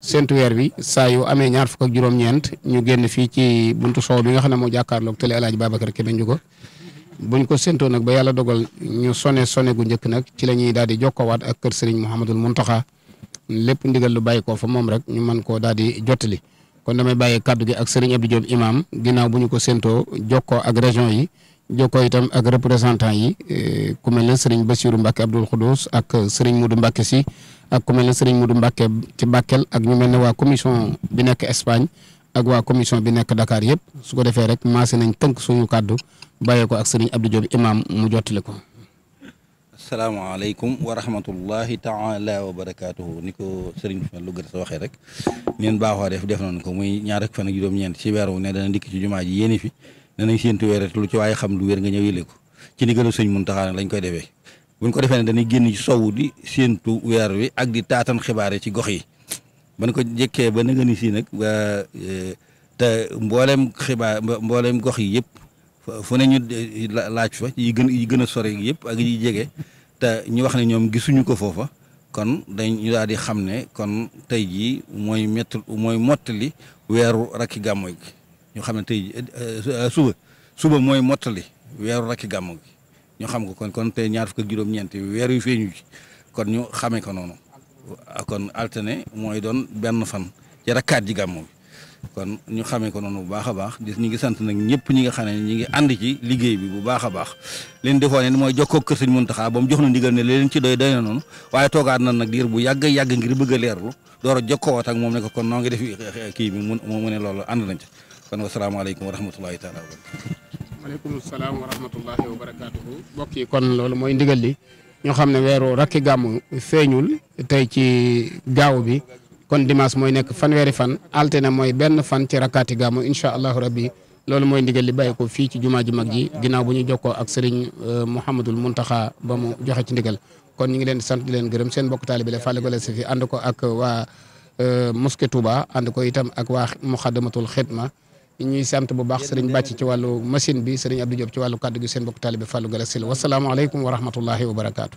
séntu weer bi saa yu amee ñaar fukk ak juróom-ñeent ñu génn fii ci buntu soow bi nga xam ne moo jàkkaarloog télé El Hadj Babacar Kébé Ndiouga buñ ko séntoo nag ba yàlla dogal ñu sone sone gu njëkk nag ci la ñuy daal di jokkowaat ak kër Serigne Mouhamadul Mountakha lépp ndigal lu bàyyi koo fa moom rek ñu mën koo daal di jottali kon damay bàyyi kàddu gi ak Serigne Abdou Diop imam ginnaaw bu ñu ko séntoo jokkoo ak région yi. jokkoo itam ak représentant yi eh, ku mel ne sëriñ Bassirou Mbacke Abdoul Khoudous ak sëriñ Modou Mbacke si ak ku mel ne sëriñ Modou Mbacke ci Bakel ak ñu mel ne waa commission bi nekk Espagne ak waa commission bi nekk Dakar yëpp su ko defee rek maase nañ tënk suñu kàddu bàyyee ko ak sëriñ Abdou Diop imam mu jottali ko. asalaamaaleykum wa rahmatullahi taala wa barakaatuhu ni ko sëriñ Fallou Gërsa waxee rek neen baaxoo def def nañ ko muy ñaar ak fan ak ñeent ci weer wu ne dana dikk ci jumaa ji fi ne nañ séentu weer lu ci waaye xam lu wér nga ñëw yële ko ci ni gën a sëñ Muntaxa lañ koy defee buñ ko defee ne dañuy génn ci sowu di séentu weer wi ak di taatan xibaare ci gox yi ban ko jëkkee ba na nga si nag mbooleem mboolem xibaar mboolem gox yi yëpp fu ne ñu e, laaj fa yi gën yi gën a sore yëpp ak yi jege te ñu wax ne ñoom gisuñu ko foofa kon dañu di xam ne kon tey jii mooy métti mooy mottali weeru rakki gàmmo gi ñu xam ne tey euh, euh, suba suba mooy mottali weeru rakki gàmm gi ñu xam ko kon kon ñaar fukk ak juróom-ñeent weer yu feeñu ji kon ñu xamee ko noonu kon altine mooy doon benn fan ci rakkaat ji gàmm gi kon ñu xamee ko noonu bu baax a baax di ñu ngi sant nag ñëpp ñi nga xam ne ñi ngi ànd ci liggéey bi bu baax a baax leen defoo ne mooy jokkoo kër Sëñ Muntaxa ba mu jox na ndigal ne leen ci doy doy na noonu waaye toogaat nag diir bu yàgg yàgg ngir bëgg a leerlu door a jokkoo ak moom ne ko kon noo ngi def eh, eh, kii bi mu ne loolu ànd na ca kon wasalaamaaleykum wa rahmatullahi taala aleykum salaam wa rahmatullahi wa barakaatu yi kon loolu mooy ndigal li ñoo xam ne weeru rakki gàmmu feeñul tey ci gaaw bi kon dimanche mooy nekk fanweeri fan altine mooy benn fan ci rakkaati gàmmu incha allahu rabbi loolu mooy ndigal li bàyyi ko fii ci jumaa ji mag ji ginnaaw bu ñu jokkoo ak sëriñ euh, Mouhamadul Muntaxa ba mu joxe ci ndigal kon ñu ngi leen sant di leen gërëm seen mbokk taalibe la Fallou Galass fi ànd ko ak waa euh, mosquée ànd ko itam ak waa Muxaddamatul Xidma ñuy sant bu baax sëriñ bàcc ci wàllu machine bi sëriñ Abdou Diop ci wàllu kàddu gi seen bokk taalibe Fallou Galassine wasalaamualeykum wa rahmatullahi wa barakaatu.